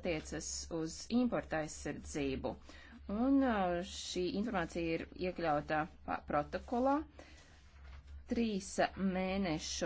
attiecas uz importa aizsardzību. Un šī informācija ir iekļautā protokolā. Trīs mēnešu